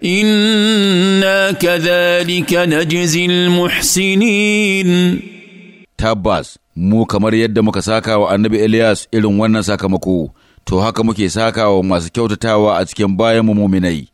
inna kadhalika muhsinin tabbas mu kamar yadda muka saka wa annabi Ilyas irin wannan sakamako to haka muke saka wa masu kyautatawa a cikin bayan mu muminai